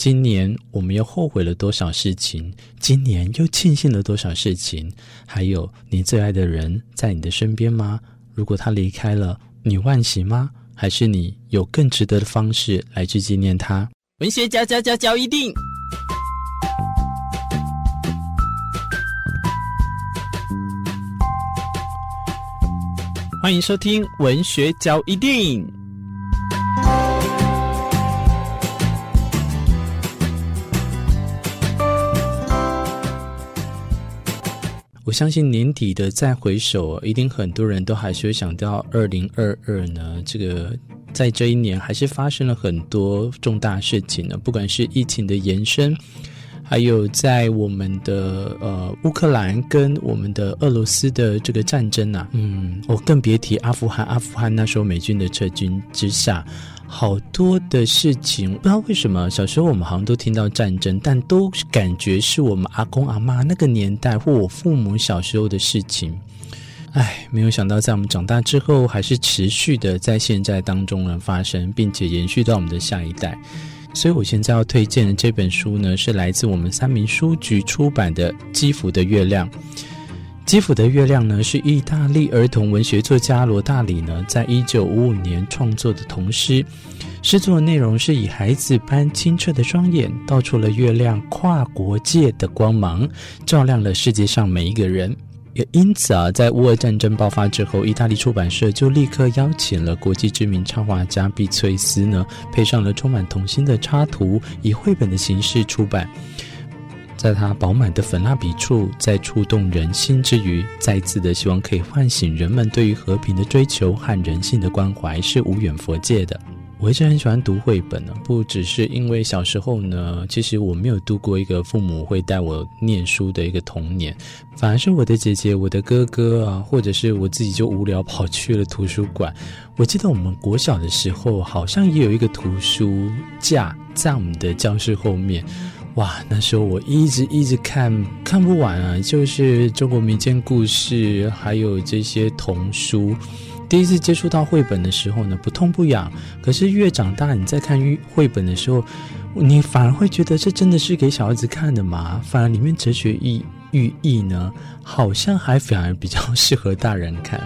今年我們又後悔了多少事情？今年又慶幸了多少事情？還有你最愛的人在你的身邊嗎？如果他離開了，你惋惜嗎？還是你有更值得的方式來去紀念他？文學家，教交教，教，教一定！歡迎收聽《文學教一定》。我相信年底的再回首，一定很多人都還是會想到二零二二呢。這個在這一年還是發生了很多重大事情呢，不管是疫情的延伸，還有在我們的呃烏克蘭跟我們的俄羅斯的這個戰爭啊，嗯，我更別提阿富汗，阿富汗那時候美軍的撤軍之下。好多的事情，不知道為什麼，小時候我們好像都聽到戰爭，但都感覺是我們阿公阿媽那個年代或我父母小時候的事情。哎，沒有想到在我們長大之後，還是持續的在現在當中呢發生，並且延續到我們的下一代。所以我現在要推薦的這本書呢，是來自我們三民書局出版的《基輔的月亮》。基輔的月亮呢，是意大利兒童文學作家羅大里呢，在一九五五年創作的童詩。詩作的內容是以孩子般清澈的雙眼，道出了月亮跨國界的光芒，照亮了世界上每一個人。也因此啊，在烏俄戰爭爆發之後，意大利出版社就立刻邀請了國際知名插畫家碧翠絲呢，配上了充滿童心的插圖，以繪本的形式出版。在他飽滿的粉蠟筆觸，在觸動人心之餘，再次的希望可以喚醒人們對於和平的追求和人性的關懷，是無遠弗屆的。我一直很喜歡讀繪本呢、啊，不只是因為小時候呢，其實我沒有度過一個父母會帶我念書的一個童年，反而是我的姐姐、我的哥哥啊，或者是我自己就無聊跑去了圖書館。我記得我們國小的時候，好像也有一個圖書架在我們的教室後面。哇，那時候我一直一直看看不完啊，就是中國民間故事，還有這些童書。第一次接觸到繪本的時候呢，不痛不癢；可是越長大，你在看繪本的時候，你反而會覺得這真的是給小孩子看的嘛？反而裡面哲學意寓意呢，好像還反而比較適合大人看。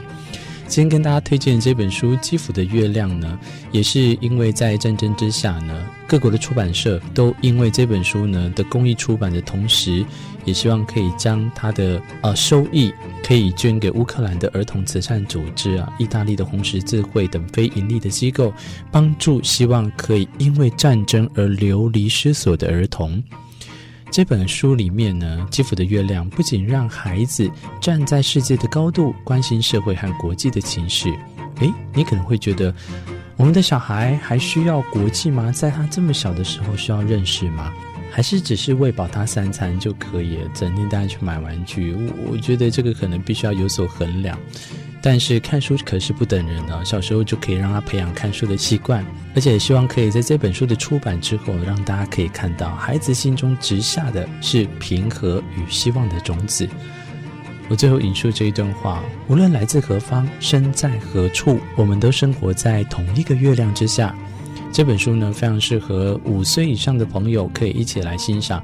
今天跟大家推薦這本書《基輔的月亮》呢，也是因為在戰爭之下呢，各國的出版社都因為這本書呢的公益出版的同時，也希望可以將它的呃收益可以捐給烏克蘭的兒童慈善組織啊、意大利的紅十字會等非盈利的機構，幫助希望可以因為戰爭而流離失所的兒童。這本書裡面呢，《基輔的月亮》不僅讓孩子站在世界的高度關心社會和國際的情勢、誒，你可能會覺得，我們的小孩還需要國際嗎？在他這麼小的時候需要認識嗎？還是只是餵飽他三餐就可以了，整天帶他去買玩具。我，我覺得這個可能必須要有所衡量。但是看書可是不等人的哦，小時候就可以讓他培養看書的習慣，而且希望可以在這本書的出版之後，讓大家可以看到孩子心中植下的是平和與希望的種子。我最後引述這一段話：無論來自何方，身在何處，我們都生活在同一個月亮之下。這本書呢，非常適合五歲以上的朋友可以一起來欣賞。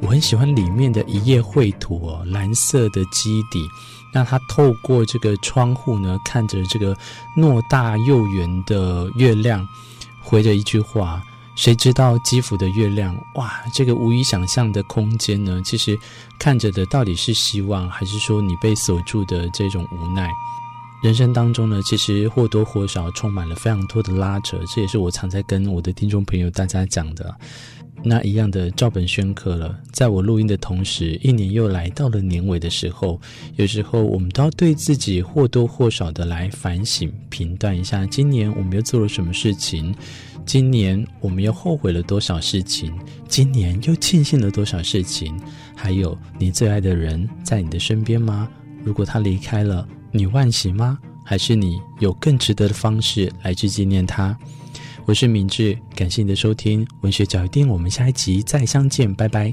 我很喜歡裡面的一頁繪圖哦，藍色的基底。那他透過這個窗戶呢，看着這個偌大又圓的月亮，回着一句話：誰知道基輔的月亮？哇，這個無以想象的空間呢，其實看着的到底是希望，還是說你被鎖住的這種無奈？人生當中呢，其實或多或少充滿了非常多的拉扯，這也是我常在跟我的聽眾朋友大家講的。那一樣的照本宣科了。在我錄音的同時，一年又來到了年尾的時候。有時候我們都要對自己或多或少的來反省、評斷一下：今年我們又做了什麼事情？今年我們又後悔了多少事情？今年又慶幸了多少事情？還有，你最愛的人在你的身邊嗎？如果他離開了，你惋惜嗎？還是你有更值得的方式來去紀念他？我是敏智，感謝你的收聽《文學小語殿》，我們下一集再相見，拜拜。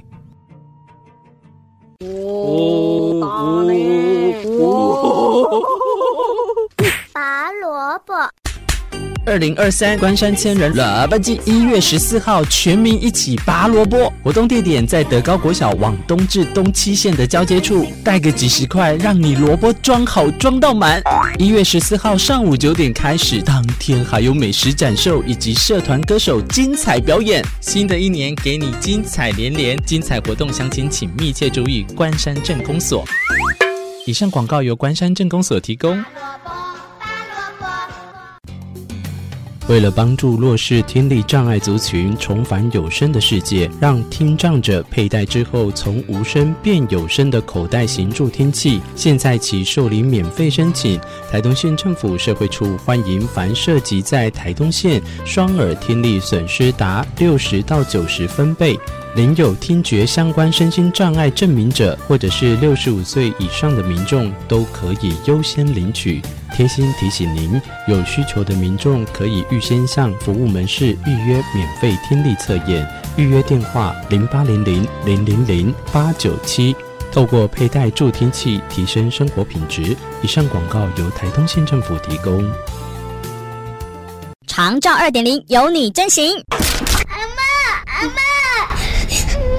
二零二三關山千人蘿蔔季一月十四號，全民一起拔蘿蔔。活動地點在德高國小往東至東七線的交接處，帶個幾十塊，讓你蘿蔔裝好裝到滿。一月十四號上午九點開始，當天還有美食展售以及社團歌手精彩表演。新的一年給你精彩連連，精彩活動詳情請密切注意關山鎮公所。以上廣告由關山鎮公所提供。Hello, 為了幫助弱勢聽力障礙族群重返有聲的世界，讓聽障者佩戴之後從無聲變有聲的口袋型助聽器，現在起受理免費申請。台東縣政府社會處歡迎凡涉及在台東縣雙耳聽力損失達六十到九十分貝。您有聽覺相關身心障礙證明者，或者是六十五歲以上的民眾，都可以優先領取。貼心提醒您，有需求的民眾可以預先向服務門市預約免費聽力測驗，預約電話：零八零零零零零八九七。7，透過佩戴助聽器提升生活品質。以上廣告由台東縣政府提供。長照二點零，有你真行。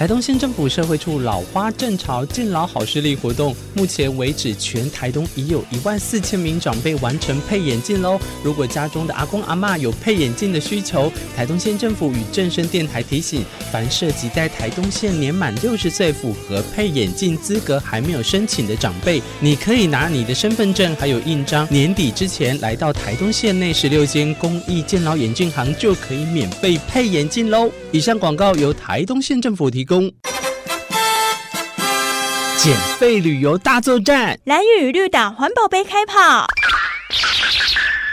台東縣政府社會處老花正潮敬老好視力活動，目前為止全台東已有一萬四千名長輩完成配眼鏡嘍。如果家中的阿公阿媽有配眼鏡的需求，台東縣政府與正聲電台提醒，凡涉及在台東縣年滿六十歲符合配眼鏡資格還沒有申請的長輩，你可以拿你的身份證還有印章，年底之前來到台東縣內十六間公益敬老眼鏡行，就可以免費配眼鏡嘍。以上廣告由台東縣政府提供。減費旅遊大作戰，藍雨綠島環保杯開跑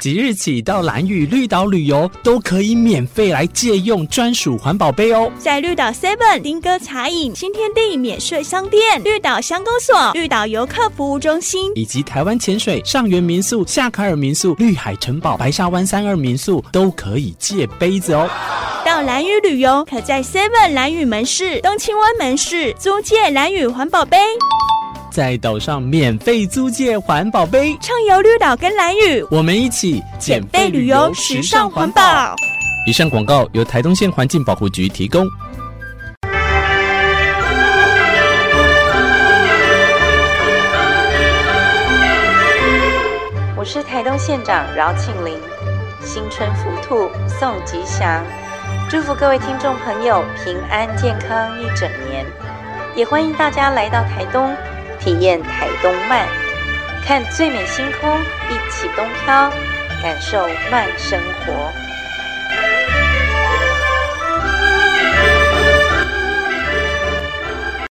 即日起到蘭嶼綠島旅遊，都可以免費來借用專屬環保杯哦。在綠島 Seven、丁哥茶飲、新天地免稅商店、綠島鄉公所、綠島遊客服務中心，以及台灣潛水、上元民宿、夏卡爾民宿、綠海城堡、白沙灣三二民宿，都可以借杯子哦。到蘭嶼旅遊，可在 Seven 蘭嶼門市、東清灣門市租借蘭嶼環保杯。在島上免費租借環保杯，暢遊綠島跟蘭嶼，我們一起減廢旅遊，時尚環保。以上廣告由台東縣環境保護局提供。我是台東縣長饒慶鈴，新春福兔送吉祥，祝福各位聽眾朋友平安健康一整年，也歡迎大家來到台東。體驗台東慢，看最美星空，一起東漂，感受慢生活。